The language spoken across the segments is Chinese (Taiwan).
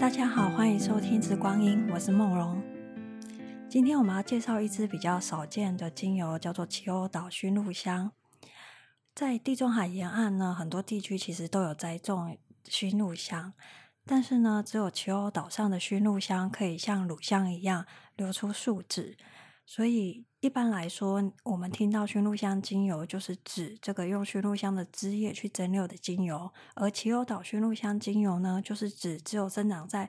大家好，歡迎收聽《植光聲》，我是夢榮。今天我們要介紹一支比較少見的精油，叫做奇歐島熏陸香。在地中海沿岸呢，很多地區其實都有栽種熏陸香，但是呢，只有奇歐島上的熏陸香可以像乳香一樣流出樹脂，所以，一般來說，我們聽到熏陸香精油就是指這個用熏陸香的枝葉去蒸餾的精油，而奇歐島熏陸香精油呢，就是指只有生長在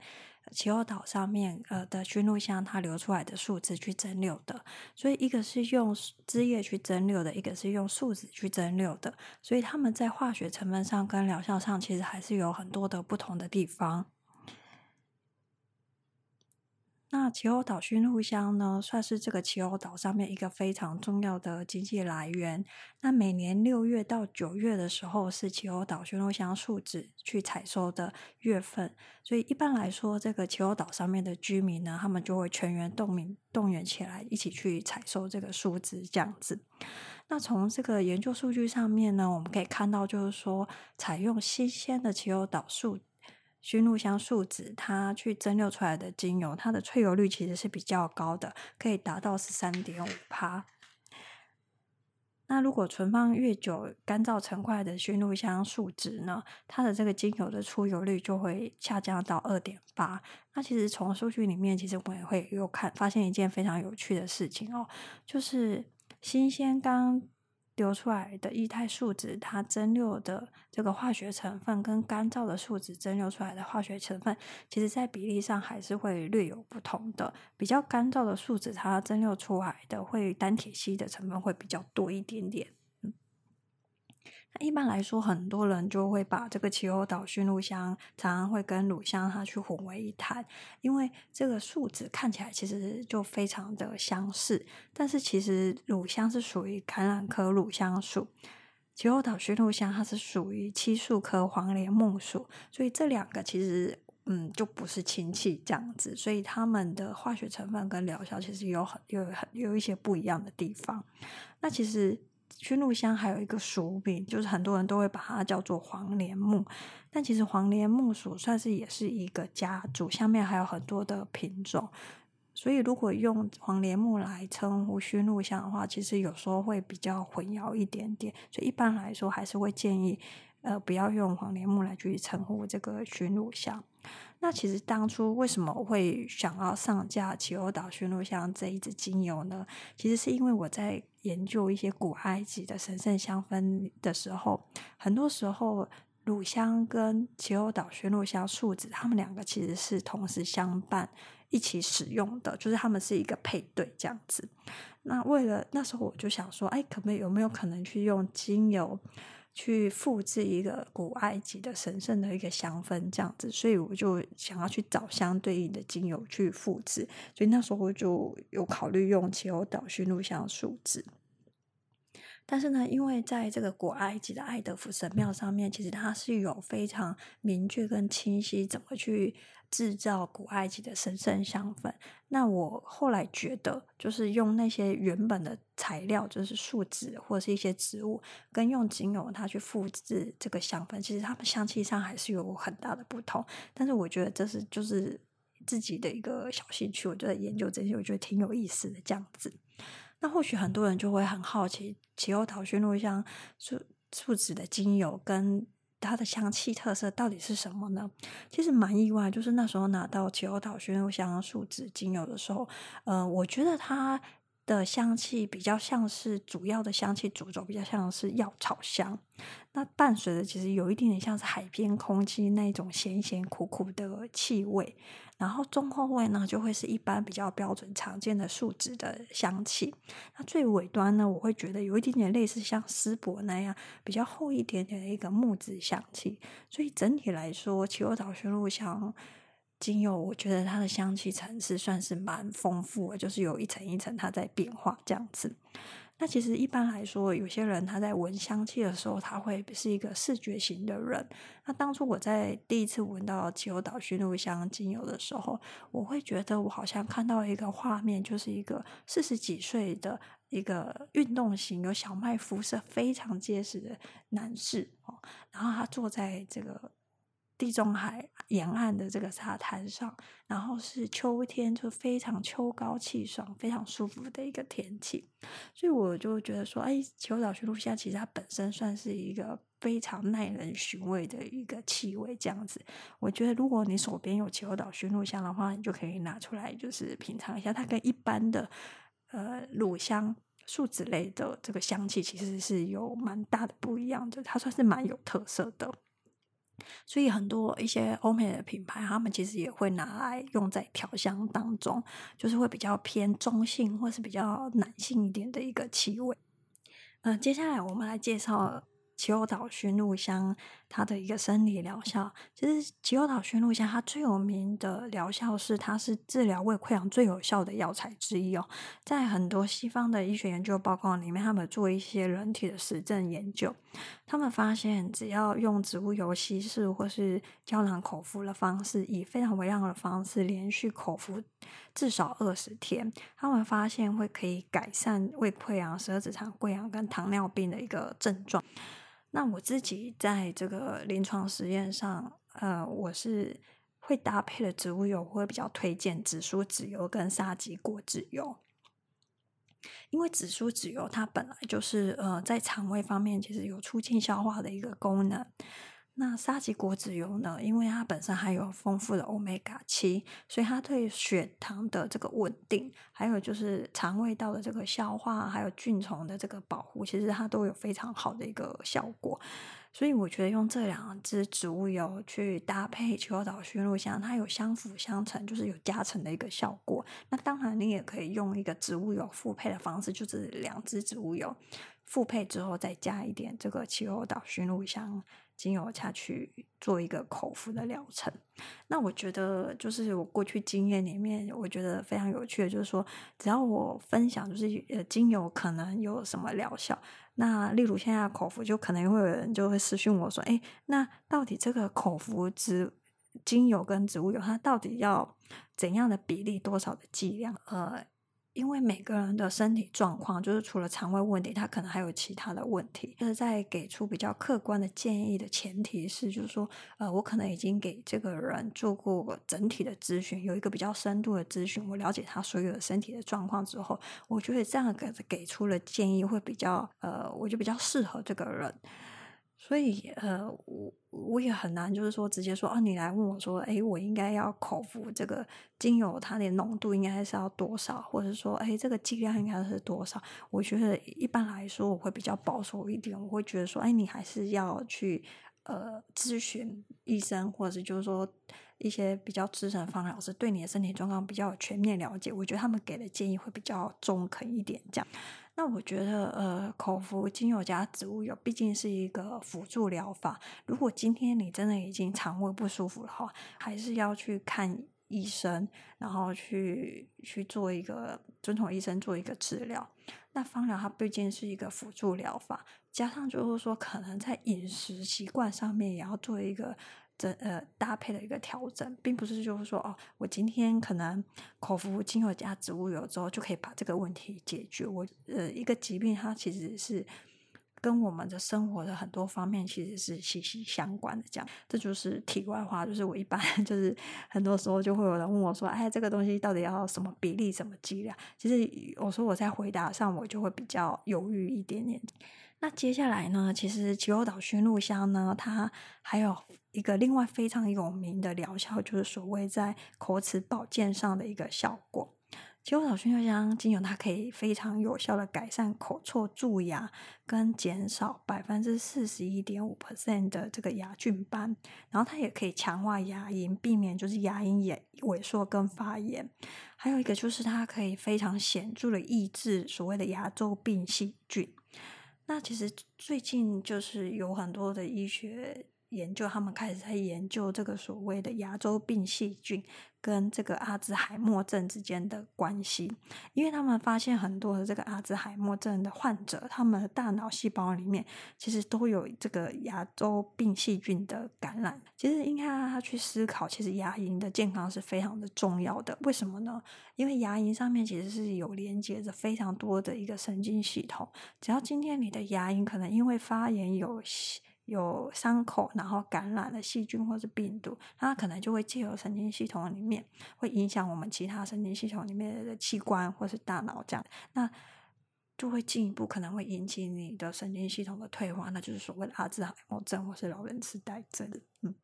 奇歐島上面呃的熏陸香它流出來的樹脂去蒸餾的。所以一個是用枝葉去蒸餾的，一個是用樹脂去蒸餾的，所以他們在化學成分上跟療效上其實還是有很多的不同的地方。那奇歐島熏陸香呢，算是這個奇歐島上面一個非常重要的經濟來源。那每年六月到九月的時候，是奇歐島熏陸香樹脂去採收的月份。所以一般來說，這個奇歐島上面的居民呢，他們就會全員動員、動員起來，一起去採收這個樹脂這樣子。那從這個研究數據上面呢，我們可以看到，就是說採用新鮮的奇歐島樹脂。熏陸香樹脂，它去蒸餾出來的精油，它的萃油率其實是比較高的，可以達到十三點五趴。那如果存放越久，乾燥成塊的熏陸香樹脂呢，它的這個精油的出油率就會下降到二點八。那其實從數據裡面，其實我們也會有看，發現一件非常有趣的事情哦，就是新鮮剛。流出來的液態樹脂，它蒸餾的這個化學成分跟乾燥的樹脂蒸餾出來的化學成分，其實在比例上還是會略有不同的。比較乾燥的樹脂，它蒸餾出來的會單萜烯的成分會比較多一點點。一般來說，很多人就會把這個奇歐島熏陸香，常常會跟乳香它去混為一談，因為這個樹脂看起來其實就非常的相似。但是其實乳香是屬於橄欖科乳香屬，奇歐島熏陸香它是屬於漆樹科黃連木屬，所以這兩個其實嗯就不是親戚這樣子，所以它們的化學成分跟療效其實有很有很有一些不一樣的地方。那其實。熏陸香還有一個俗名，就是很多人都會把它叫做黃連木，但其實黃連木屬算是也是一個家族，下面還有很多的品種，所以如果用黃連木來稱呼熏陸香的話，其實有時候會比較混淆一點點，所以一般來說還是會建議呃不要用黃連木來去稱呼這個熏陸香。那其實當初為什麼會想要上架奇歐島熏陸香這一支精油呢？其實是因為我在研究一些古埃及的神聖香氛的時候，很多時候乳香跟奇歐島熏陸香樹脂，他們兩個其實是同時相伴一起使用的，就是他們是一個配對這樣子。那為了那時候我就想說，哎，可不可以有沒有可能去用精油？去複製一個古埃及的神聖的一個香氛這樣子，所以我就想要去找相對應的精油去複製，所以那時候我就有考慮用奇歐島熏陸香樹脂。但是呢，因為在這個古埃及的愛德福神廟上面，其實它是有非常明確跟清晰怎麼去製造古埃及的神聖香粉。那我後來覺得，就是用那些原本的材料，就是樹脂或者是一些植物，跟用精油它去複製這個香粉，其實它們香氣上還是有很大的不同。但是我覺得這是就是自己的一個小興趣，我覺得研究這些我覺得挺有意思的這樣子。那或許很多人就會很好奇，奇歐島熏陸香樹樹脂的精油跟它的香氣特色到底是什麼呢？其實蠻意外，就是那時候拿到奇歐島熏陸香樹脂精油的時候，呃，我覺得它的香氣比較像是主要的香氣主軸，比較像是藥草香，那伴隨着其實有一點點像是海邊空氣那種鹹鹹苦苦的氣味，然後中後味呢，就會是一般比較標準常見的樹脂的香氣，那最尾端呢，我會覺得有一點點類似像絲柏那樣比較厚一點點的一個木質香氣，所以整體來說，奇歐島熏陸香。精油，我覺得它的香氣層次算是蠻豐富的，就是有一層一層它在變化這樣子。那其實一般來說，有些人他在聞香氣的時候，他會是一個視覺型的人。那當初我在第一次聞到奇歐島熏陸香精油的時候，我會覺得我好像看到一個畫面，就是一個四十幾歲的一個運動型、有小麥膚色、非常結實的男士哦，然後他坐在這個地中海。沿岸的這個沙灘上，然後是秋天，就非常秋高氣爽，非常舒服的一個天氣。所以我就覺得說，哎，奇島熏鹿香其實它本身算是一個非常耐人尋味的一個氣味。這樣子，我覺得如果你手邊有奇島熏鹿香的話，你就可以拿出來就是品嘗一下，它跟一般的呃乳香樹脂類的這個香氣其實是有蠻大的不一樣的，它算是蠻有特色的。所以很多一些歐美的品牌，他們其實也會拿來用在調香當中，就是會比較偏中性或是比較男性一點的一個氣味。嗯、呃，接下來我們來介紹奇歐島熏陸香它的一個生理療效。其實奇歐島熏陸香它最有名的療效是，它是治療胃潰瘍最有效的藥材之一哦。在很多西方的醫學研究報告裡面，他們做一些人體的實證研究。他們發現，只要用植物油稀釋或是膠囊口服的方式，以非常微量的方式連續口服至少二十天，他們發現會可以改善胃潰瘍、十二指腸潰瘍跟糖尿病的一個症狀。那我自己在這個臨床實驗上，呃，我是會搭配的植物油，我會比較推薦紫蘇籽油跟沙棘果籽油。因為紫蘇籽油它本來就是呃在腸胃方面其實有促進消化的一個功能，那沙棘果籽油呢，因為它本身含有豐富的歐米伽七，7, 所以它對血糖的這個穩定，還有就是腸胃道的這個消化，還有菌蟲的這個保護，其實它都有非常好的一個效果。所以我覺得用這兩支植物油去搭配奇歐島熏陸香，它有相輔相成，就是有加成的一個效果。那當然，你也可以用一個植物油複配的方式，就是兩支植物油複配之後，再加一點這個奇歐島熏陸香。精油下去做一個口服的療程，那我覺得就是我過去經驗裡面，我覺得非常有趣的，就是說只要我分享，就是呃，精油可能有什麼療效，那例如現在口服就可能會有人就會私訊我說，哎，那到底這個口服植精油跟植物油，它到底要怎樣的比例，多少的劑量，呃？因為每個人的身體狀況，就是除了腸胃問題，他可能還有其他的問題。就是在給出比較客觀的建議的前提是，就是說，呃，我可能已經給這個人做過整體的諮詢，有一個比較深度的諮詢，我了解他所有的身體的狀況之後，我覺得這樣給給出了建議會比較，呃，我就比較適合這個人。所以，呃，我我也很難，就是說直接說，啊，你來問我，說，哎，我應該要口服這個精油，它的濃度應該是要多少，或者說，哎，這個劑量應該是多少？我覺得一般來說，我會比較保守一點，我會覺得說，哎，你還是要去呃諮詢醫生，或者是就是說一些比較資深的芳療師對你的身體狀況比較有全面了解，我覺得他們給的建議會比較中肯一點。這樣，那我覺得呃，口服精油加植物油畢竟是一個輔助療法。如果今天你真的已經腸胃不舒服的話，還是要去看醫生，然後去去做一個遵從醫生做一個治療。那芳療它畢竟是一個輔助療法，加上就是說可能在飲食習慣上面也要做一個。這呃搭配的一個調整，並不是就是說哦，我今天可能口服精油加植物油之後就可以把這個問題解決。我呃一個疾病它其實是跟我們的生活的很多方面其實是息息相關的。這樣，這就是題外話。就是我一般就是很多時候就會有人問我說，哎，這個東西到底要什麼比例，什麼劑量？其實我說我在回答上我就會比較猶豫一點點。那接下來呢，其實奇歐島熏陸香呢，它還有一個另外非常有名的療效，就是所謂在口齒保健上的一個效果。奇歐島熏陸香精油，它可以非常有效的改善口臭、蛀牙，跟減少百分之四十一點五 percent 的這個牙菌斑。然後它也可以強化牙齦，避免就是牙齦炎萎縮跟發炎。還有一個就是它可以非常顯著的抑制所謂的牙周病細菌。那其實最近就是有很多的醫學研究，他們開始在研究這個所謂的牙周病細菌。跟這個阿茲海默症之間的關係，因為他們發現很多的這個阿茲海默症的患者，他們的大腦細胞裡面其實都有這個牙周病細菌的感染。其實應該讓他去思考，其實牙齦的健康是非常的重要的。為什麼呢？因為牙齦上面其實是有連接着非常多的一個神經系統。只要今天你的牙齦可能因為發炎有，有傷口，然後感染了細菌或是病毒，它可能就會進入神經系統裡面，會影響我們其他神經系統裡面的器官或是大腦這樣，那就會進一步可能會引起你的神經系統的退化，那就是所謂的阿茲海默症或是老人痴呆症，嗯。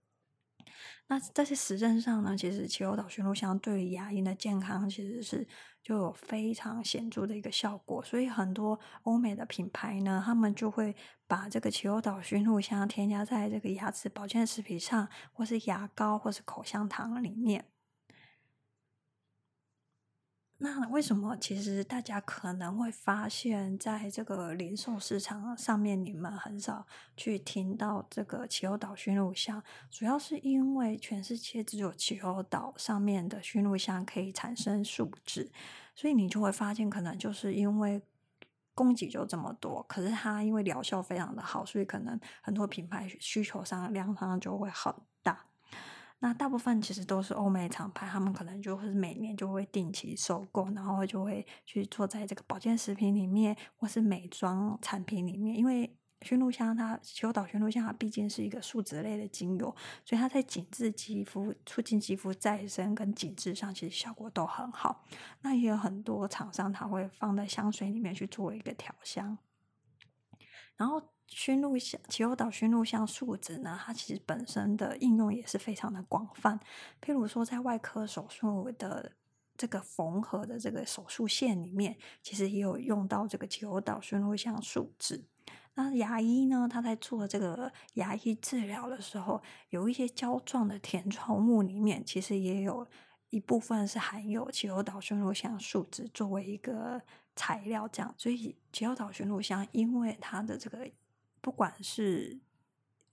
那這些實證上呢，其實奇歐島熏陸香對於牙齦的健康其實是就有非常顯著的一個效果，所以很多歐美的品牌呢，他們就會把這個奇歐島熏陸香添加在這個牙齒保健食品上，或是牙膏，或是口香糖裡面。那為什麼其實大家可能會發現，在這個零售市場上面，你們很少去聽到這個奇歐島熏陸香，主要是因為全世界只有奇歐島上面的熏陸香可以產生樹脂，所以你就會發現，可能就是因為供給就這麼多，可是它因為療效非常的好，所以可能很多品牌需求上量上就會很。那大部分其實都是歐美廠牌，他們可能就會每年就會定期收購，然後就會去做在這個保健食品裡面，或是美妝產品裡面。因為熏陸香它，奇歐島熏陸香它畢竟是一個樹脂類的精油，所以它在緊緻肌膚、促進肌膚再生跟緊緻上其實效果都很好。那也有很多廠商它會放在香水裡面去做一個調香，然後。熏陸香，奇歐島熏陸香樹脂呢，它其實本身的應用也是非常的廣泛。譬如說，在外科手術的這個縫合的這個手術線裡面，其實也有用到這個奇歐島熏陸香樹脂。那牙醫呢，他在做這個牙醫治療的時候，有一些膠狀的填充物裡面，其實也有一部分是含有奇歐島熏陸香樹脂作為一個材料，這樣。所以，奇歐島熏陸香因為它的這個。不管是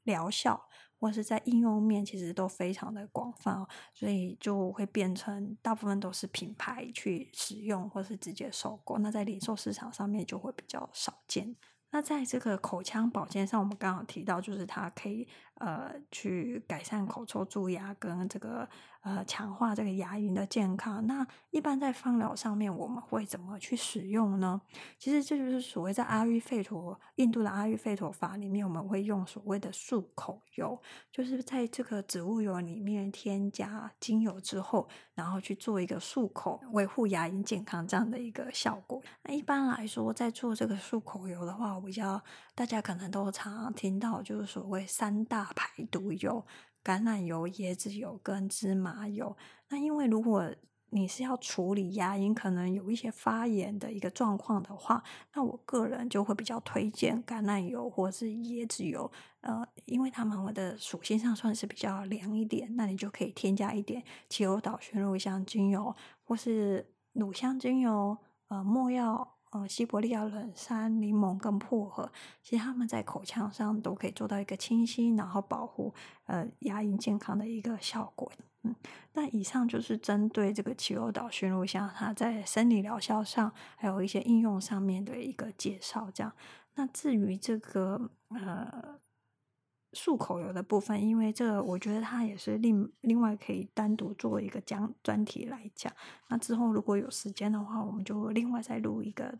療效，或是在應用面，其實都非常的廣泛哦，所以就會變成大部分都是品牌去使用，或是直接收購。那在零售市場上面就會比較少見。那在這個口腔保健上，我們剛好提到，就是它可以呃去改善口臭、蛀牙跟這個。呃，強化這個牙齦的健康。那一般在芳療上面，我們會怎麼去使用呢？其實這就是所謂在阿育吠陀印度的阿育吠陀法裡面，我們會用所謂的漱口油，就是在這個植物油裡面添加精油之後，然後去做一個漱口，維護牙齦健康這樣的一個效果。那一般來說，在做這個漱口油的話，我比較大家可能都常常聽到，就是所謂三大排毒油。橄欖油、椰子油跟芝麻油，那因為如果你是要處理牙齦可能有一些發炎的一個狀況的話，那我個人就會比較推薦橄欖油或是椰子油，呃，因為它們我的屬性上算是比較涼一點，那你就可以添加一點奇歐島熏陸香精油或是乳香精油，呃，沒藥。呃、哦，西伯利亞冷杉、檸檬跟薄荷，其實他們在口腔上都可以做到一個清新，然後保護呃牙齦健康的一個效果。嗯，那以上就是針對這個奇歐島熏陸香，它在生理療效上，還有一些應用上面的一個介紹。這樣，那至於這個呃。漱口油的部分，因為這個，我覺得它也是另另外可以單獨做一個講專題來講。那之後如果有時間的話，我們就另外再錄一個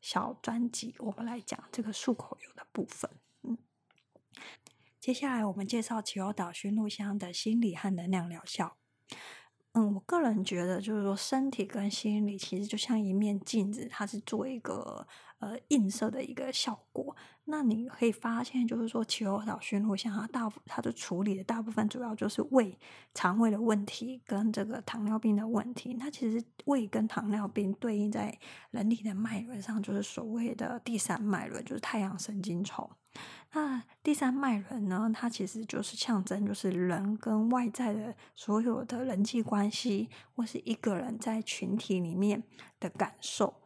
小專輯，我們來講這個漱口油的部分。嗯，接下來我們介紹奇歐島熏陸香的心理和能量療效。嗯，我個人覺得，就是說身體跟心理其實就像一面鏡子，它是做一個。呃，映射的一個效果。那你可以發現，就是說，奇歐島熏陸香它大它的處理的大部分，主要就是胃腸胃的問題跟這個糖尿病的問題。它其實胃跟糖尿病對應在人體的脈輪上，就是所謂的第三脈輪，就是太陽神經叢。那第三脈輪呢，它其實就是象徵，就是人跟外在的所有的人際關係，或是一個人在群體裡面的感受。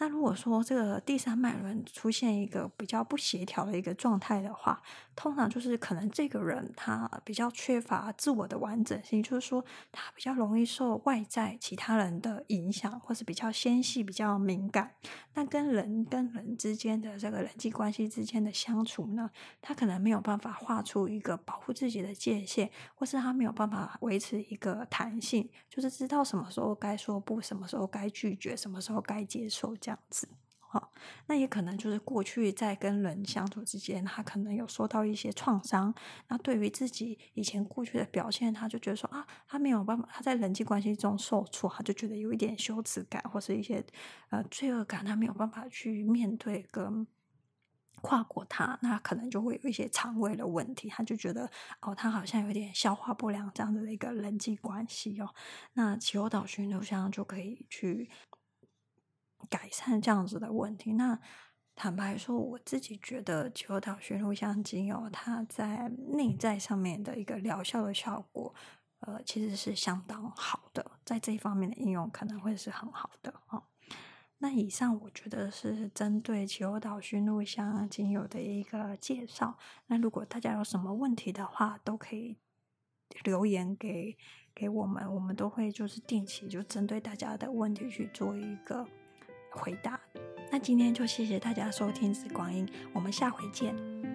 那如果說這個第三脈輪出現一個比較不協調的一個狀態的話，通常就是可能這個人他比較缺乏自我的完整性，就是說他比較容易受外在其他人的影響，或是比較纖細、比較敏感。那跟人跟人之間的這個人際關係之間的相處呢，他可能沒有辦法畫出一個保護自己的界限，或是他沒有辦法維持一個彈性，就是知道什麼時候該說不，什麼時候該拒絕，什麼時候該接受。這樣子，好、哦，那也可能就是過去在跟人相處之間，他可能有受到一些創傷。那對於自己以前過去的表現，他就覺得說啊，他沒有辦法，他在人際關係中受挫，他就覺得有一點羞恥感或是一些呃罪惡感，他沒有辦法去面對跟跨過他，那他可能就會有一些腸胃的問題。他就覺得哦，他好像有點消化不良這樣子的一個人際關係哦。那奇歐島熏陸香就可以去。改善這樣子的問題，那坦白說，我自己覺得奇歐島熏陸香精油它在內在上面的一個療效的效果，呃，其實是相當好的，在這一方面的應用可能會是很好的啊、哦。那以上我覺得是針對奇歐島熏陸香精油的一個介紹。那如果大家有什麼問題的話，都可以留言給給我們，我們都會就是定期就針對大家的問題去做一個。回答。那今天就謝謝大家收聽《植光聲》，我們下回見。